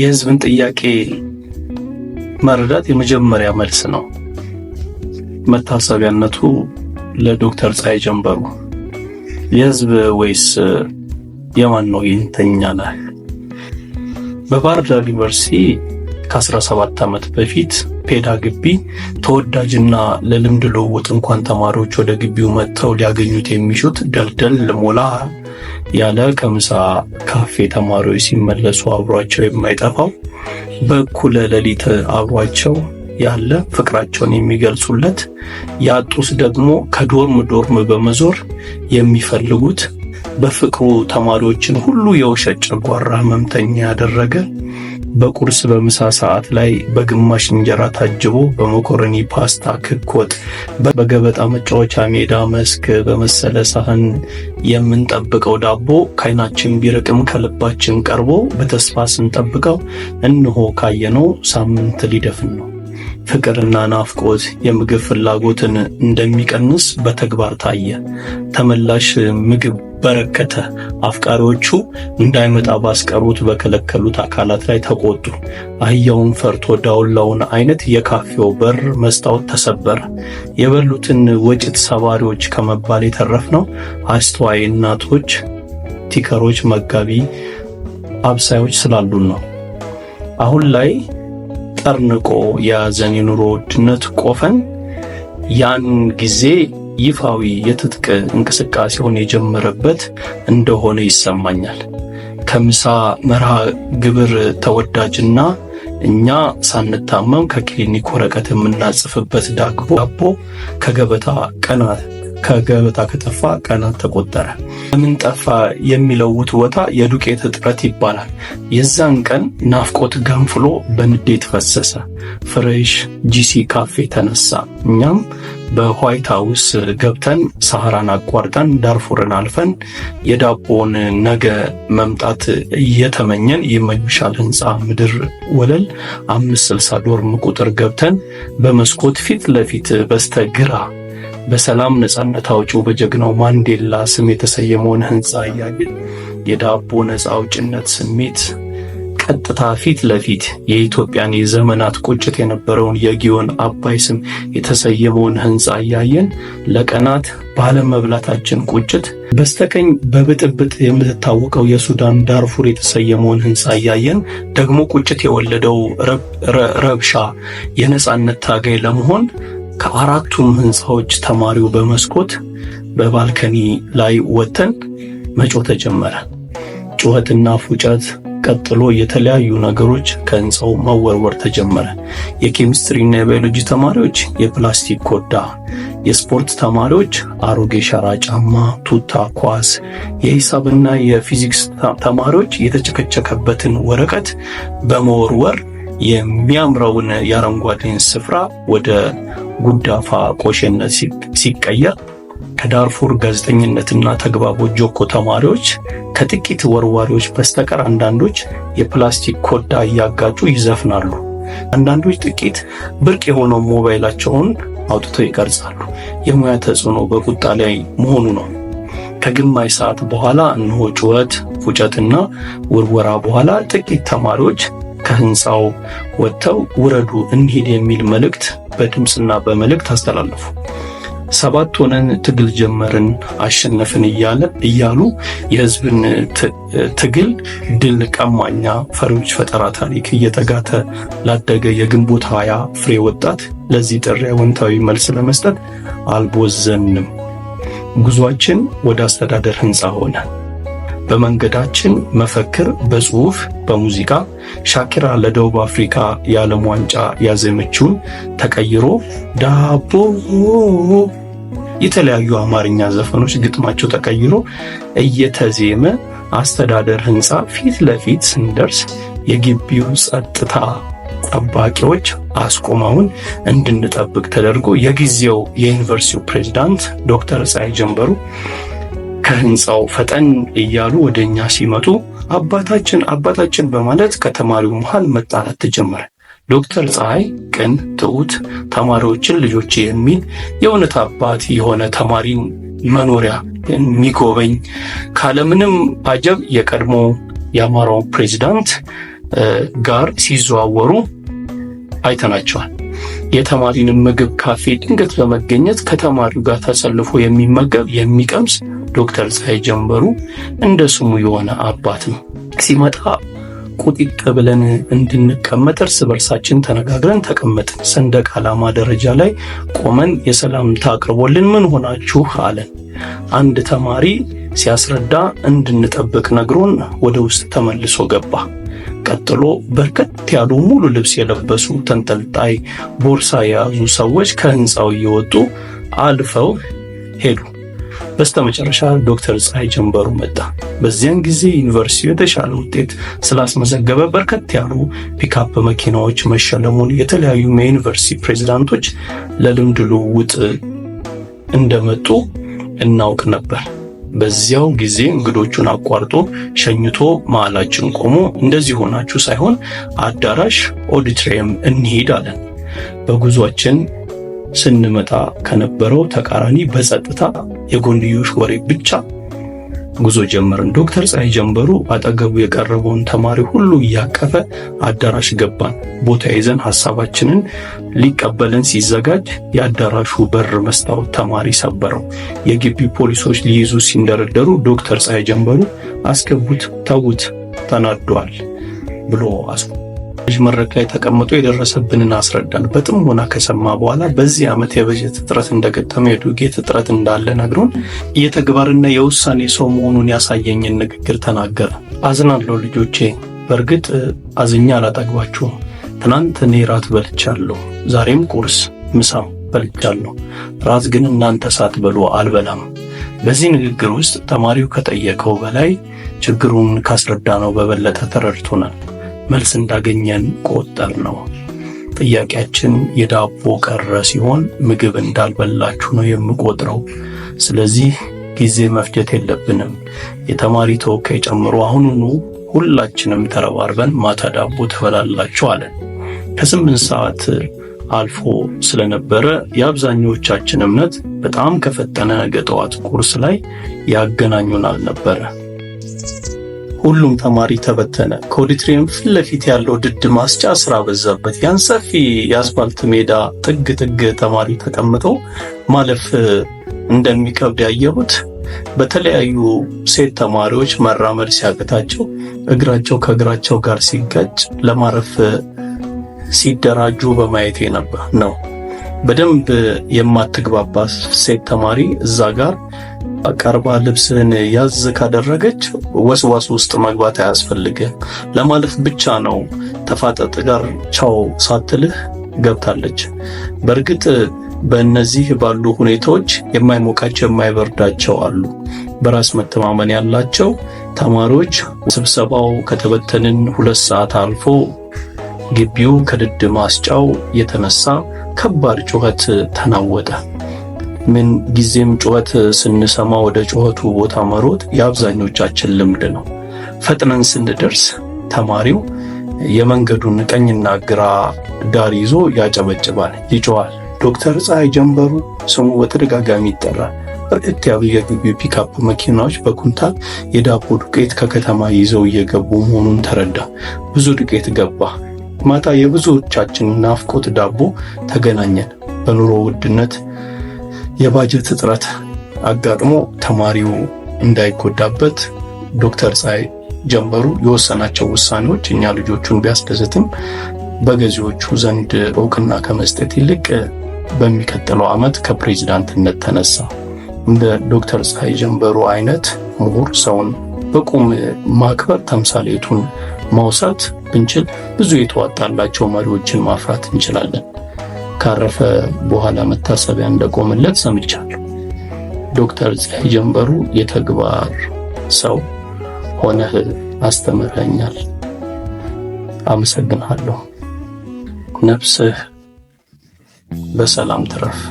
የህዝብን ጥያቄ መረዳት የመጀመሪያ መልስ ነው። መታሰቢያነቱ ለዶክተር ፀሐይ ጀንበሩ። የህዝብ ወይስ የማን ነው ይንተኛ ነህ? በባህር ዳር ዩኒቨርሲቲ ከ17 ዓመት በፊት ፔዳ ግቢ ተወዳጅና ለልምድ ልውውጥ እንኳን ተማሪዎች ወደ ግቢው መጥተው ሊያገኙት የሚሹት ደልደል ሞላ ያለ ከምሳ ካፌ ተማሪዎች ሲመለሱ አብሯቸው የማይጠፋው በኩለ ሌሊት አብሯቸው ያለ ፍቅራቸውን የሚገልጹለት ያጡት ደግሞ ከዶርም ዶርም በመዞር የሚፈልጉት በፍቅሩ ተማሪዎችን ሁሉ የውሸት ጨጓራ ህመምተኛ ያደረገ በቁርስ በምሳ ሰዓት ላይ በግማሽ እንጀራ ታጅቦ በመኮረኒ ፓስታ፣ ክክ በገበጣ መጫወቻ ሜዳ መስክ በመሰለ ሳህን የምንጠብቀው ዳቦ ከአይናችን ቢርቅም ከልባችን ቀርቦ በተስፋ ስንጠብቀው እንሆ ካየነው ሳምንት ሊደፍን ነው። ፍቅርና ናፍቆት የምግብ ፍላጎትን እንደሚቀንስ በተግባር ታየ። ተመላሽ ምግብ በረከተ። አፍቃሪዎቹ እንዳይመጣ ባስቀሩት በከለከሉት አካላት ላይ ተቆጡ። አህያውን ፈርቶ ዳውላውን አይነት የካፌው በር መስታወት ተሰበረ። የበሉትን ወጭት ሰባሪዎች ከመባል የተረፍነው አስተዋይ እናቶች፣ ቲከሮች፣ መጋቢ አብሳዮች ስላሉን ነው። አሁን ላይ ጠርንቆ የያዘን የኑሮ ውድነት ቆፈን ያን ጊዜ ይፋዊ የትጥቅ እንቅስቃሴውን የጀመረበት እንደሆነ ይሰማኛል። ከምሳ መርሃ ግብር ተወዳጅና እኛ ሳንታመም ከክሊኒክ ወረቀት የምናጽፍበት ዳቦ ከገበታ ቀና ከገበታ ከጠፋ ቀናት ተቆጠረ። ለምን ጠፋ የሚለው ውትወታ የዱቄት እጥረት ይባላል። የዛን ቀን ናፍቆት ገንፍሎ በንዴት ፈሰሰ። ፍሬሽ ጂሲ ካፌ ተነሳ። እኛም በዋይት ሀውስ ገብተን ሳህራን አቋርጠን ዳርፉርን አልፈን የዳቦን ነገ መምጣት እየተመኘን የመይሻል ህንፃ ምድር ወለል አምስት ስልሳ ዶርም ቁጥር ገብተን በመስኮት ፊት ለፊት በስተግራ በሰላም ነጻነት አውጪው በጀግናው ማንዴላ ስም የተሰየመውን ህንፃ እያየን የዳቦ ነጻ አውጭነት ስሜት ቀጥታ ፊት ለፊት የኢትዮጵያን የዘመናት ቁጭት የነበረውን የጊዮን አባይ ስም የተሰየመውን ህንፃ እያየን ለቀናት ባለመብላታችን ቁጭት፣ በስተቀኝ በብጥብጥ የምትታወቀው የሱዳን ዳርፉር የተሰየመውን ህንፃ እያየን ደግሞ ቁጭት የወለደው ረብሻ የነጻነት ታጋይ ለመሆን ከአራቱም ህንፃዎች ተማሪው በመስኮት በባልከኒ ላይ ወጥተን መጮህ ተጀመረ። ጩኸትና ፉጨት ቀጥሎ የተለያዩ ነገሮች ከህንፃው መወርወር ተጀመረ። የኬሚስትሪና የባዮሎጂ ተማሪዎች የፕላስቲክ ኮዳ፣ የስፖርት ተማሪዎች አሮጌ ሸራ ጫማ፣ ቱታ፣ ኳስ፣ የሂሳብና የፊዚክስ ተማሪዎች የተጨከቸከበትን ወረቀት በመወርወር የሚያምረውን የአረንጓዴን ስፍራ ወደ ጉዳፋ ቆሸነት ሲቀየር ከዳርፉር ጋዜጠኝነትና ተግባቦ ጆኮ ተማሪዎች ከጥቂት ወርዋሪዎች በስተቀር አንዳንዶች የፕላስቲክ ኮዳ እያጋጩ ይዘፍናሉ። አንዳንዶች ጥቂት ብርቅ የሆነው ሞባይላቸውን አውጥተው ይቀርጻሉ። የሙያ ተጽዕኖ በቁጣ ላይ መሆኑ ነው። ከግማሽ ሰዓት በኋላ እነሆ ጩኸት፣ ፉጨትና ውርወራ በኋላ ጥቂት ተማሪዎች ከህንፃው ወጥተው ውረዱ እንሂድ የሚል መልእክት በድምፅና በመልእክት አስተላለፉ። ሰባት ሆነን ትግል ጀመርን አሸነፍን እያለ እያሉ የህዝብን ትግል ድል ቀማኛ ፈሪዎች ፈጠራ ታሪክ እየተጋተ ላደገ የግንቦት ሀያ ፍሬ ወጣት ለዚህ ጥሪ አዎንታዊ መልስ ለመስጠት አልቦዘንም። ጉዟችን ወደ አስተዳደር ህንፃ ሆነ። በመንገዳችን መፈክር በጽሁፍ በሙዚቃ ሻኪራ ለደቡብ አፍሪካ የዓለም ዋንጫ ያዘመችውን ተቀይሮ ዳቦ የተለያዩ አማርኛ ዘፈኖች ግጥማቸው ተቀይሮ እየተዜመ አስተዳደር ህንፃ ፊት ለፊት ስንደርስ የግቢው ጸጥታ ጠባቂዎች አስቆመውን እንድንጠብቅ ተደርጎ የጊዜው የዩኒቨርሲቲው ፕሬዚዳንት ዶክተር ፀሐይ ጀንበሩ ከህንፃው ፈጠን እያሉ ወደ እኛ ሲመጡ አባታችን አባታችን በማለት ከተማሪው መሃል መጣላት ተጀመረ። ዶክተር ፀሐይ ቅን፣ ትሁት ተማሪዎችን ልጆች የሚል የእውነት አባት የሆነ ተማሪው መኖሪያ የሚጎበኝ ካለምንም አጀብ የቀድሞ የአማራው ፕሬዚዳንት ጋር ሲዘዋወሩ አይተናቸዋል። የተማሪን ምግብ ካፌ ድንገት በመገኘት ከተማሪው ጋር ተሰልፎ የሚመገብ የሚቀምስ ዶክተር ፀሐይ ጀንበሩ እንደ ስሙ የሆነ አባት ነው። ሲመጣ ቁጢጥ ብለን እንድንቀመጥ እርስ በርሳችን ተነጋግረን ተቀመጥን። ሰንደቅ ዓላማ ደረጃ ላይ ቆመን የሰላምታ አቅርቦልን ምን ሆናችሁ አለን። አንድ ተማሪ ሲያስረዳ እንድንጠብቅ ነግሮን ወደ ውስጥ ተመልሶ ገባ። ቀጥሎ በርከት ያሉ ሙሉ ልብስ የለበሱ ተንጠልጣይ ቦርሳ የያዙ ሰዎች ከህንፃው እየወጡ አልፈው ሄዱ። በስተመጨረሻ ዶክተር ፀሐይ ጀንበሩ መጣ። በዚያን ጊዜ ዩኒቨርሲቲው የተሻለ ውጤት ስላስመዘገበ በርከት ያሉ ፒካፕ መኪናዎች መሸለሙን የተለያዩ የዩኒቨርሲቲ ፕሬዚዳንቶች ለልምድ ልውውጥ እንደመጡ እናውቅ ነበር። በዚያው ጊዜ እንግዶቹን አቋርጦ ሸኝቶ መሃላችን ቆሞ እንደዚህ ሆናችሁ ሳይሆን አዳራሽ ኦዲትሪየም እንሄድ አለን። በጉዟችን ስንመጣ ከነበረው ተቃራኒ በጸጥታ የጎንዮሽ ወሬ ብቻ ጉዞ ጀመርን። ዶክተር ፀሐይ ጀንበሩ አጠገቡ የቀረበውን ተማሪ ሁሉ እያቀፈ አዳራሽ ገባን። ቦታ ይዘን ሐሳባችንን ሊቀበለን ሲዘጋጅ የአዳራሹ በር መስታወት ተማሪ ሰበረው። የግቢ ፖሊሶች ሊይዙ ሲንደረደሩ ዶክተር ፀሐይ ጀንበሩ አስገቡት፣ ተዉት፣ ተናዷል ብሎ አስቆ ሰዎች መድረክ ላይ ተቀምጦ የደረሰብንን አስረዳን። በጥሞና ከሰማ በኋላ በዚህ ዓመት የበጀት እጥረት እንደገጠመ የዱቄት እጥረት እንዳለ ነግሮን የተግባርና የውሳኔ ሰው መሆኑን ያሳየኝን ንግግር ተናገረ። አዝናለሁ ልጆቼ፣ በእርግጥ አዝኛ አላጠግባችሁም። ትናንት እኔ ራት በልቻለሁ። ዛሬም ቁርስ፣ ምሳ በልቻለሁ። ራት ግን እናንተ ሳትበሉ አልበላም። በዚህ ንግግር ውስጥ ተማሪው ከጠየቀው በላይ ችግሩን ካስረዳነው በበለጠ ተረድቶናል። መልስ እንዳገኘን ቆጠር ነው። ጥያቄያችን የዳቦ ቀረ ሲሆን ምግብ እንዳልበላችሁ ነው የምቆጥረው። ስለዚህ ጊዜ መፍጀት የለብንም። የተማሪ ተወካይ ጨምሮ አሁኑኑ ሁላችንም ተረባርበን ማታ ዳቦ ትበላላችሁ አለን። ከስምንት ሰዓት አልፎ ስለነበረ የአብዛኞቻችን እምነት በጣም ከፈጠነ ነገ ጠዋት ቁርስ ላይ ያገናኙናል ነበረ። ሁሉም ተማሪ ተበተነ። ከኦዲትሪየም ፊት ለፊት ያለው ድድ ማስጫ ስራ በዛበት። ያን ሰፊ የአስፋልት ሜዳ ጥግ ጥግ ተማሪ ተቀምጦ ማለፍ እንደሚከብድ ያየሁት በተለያዩ ሴት ተማሪዎች መራመድ ሲያቅታቸው እግራቸው ከእግራቸው ጋር ሲጋጭ ለማረፍ ሲደራጁ በማየቴ ነበር ነው። በደንብ የማትግባባ ሴት ተማሪ እዛ ጋር ቀርባ ልብስህን ያዝ ካደረገች ወስዋስ ውስጥ መግባት አያስፈልግም ለማለት ብቻ ነው። ተፋጠጥ ጋር ቻው ሳትልህ ገብታለች። በእርግጥ በእነዚህ ባሉ ሁኔታዎች የማይሞቃቸው የማይበርዳቸው አሉ። በራስ መተማመን ያላቸው ተማሪዎች ስብሰባው ከተበተንን ሁለት ሰዓት አልፎ ግቢው ከድድ ማስጫው የተነሳ ከባድ ጩኸት ተናወጠ። ምን ጊዜም ጩኸት ስንሰማ ወደ ጩኸቱ ቦታ መሮጥ የአብዛኞቻችን ልምድ ነው። ፈጥነን ስንደርስ ተማሪው የመንገዱን ቀኝና ግራ ዳር ይዞ ያጨበጭባል፣ ይጮዋል። ዶክተር ፀሐይ ጀንበሩ ስሙ በተደጋጋሚ ይጠራል። በርከት ያሉ የግቢ ፒካፕ መኪናዎች በኩንታል የዳቦ ዱቄት ከከተማ ይዘው እየገቡ መሆኑን ተረዳ። ብዙ ዱቄት ገባ። ማታ የብዙዎቻችን ናፍቆት ዳቦ ተገናኘን። በኑሮ ውድነት የባጀት እጥረት አጋጥሞ ተማሪው እንዳይጎዳበት ዶክተር ፀሐይ ጀንበሩ የወሰናቸው ውሳኔዎች እኛ ልጆቹን ቢያስደስትም በገዢዎቹ ዘንድ እውቅና ከመስጠት ይልቅ በሚቀጥለው ዓመት ከፕሬዚዳንትነት ተነሳ። እንደ ዶክተር ፀሐይ ጀንበሩ አይነት ምሁር ሰውን በቁም ማክበር ተምሳሌቱን ማውሳት ብንችል ብዙ የተዋጣላቸው መሪዎችን ማፍራት እንችላለን። ካረፈ በኋላ መታሰቢያ እንደቆመለት ሰምቻለሁ። ዶክተር ፀሐይ ጀንበሩ የተግባር ሰው ሆነህ አስተምረኛል። አመሰግናለሁ! ነፍስህ በሰላም ትረፍ።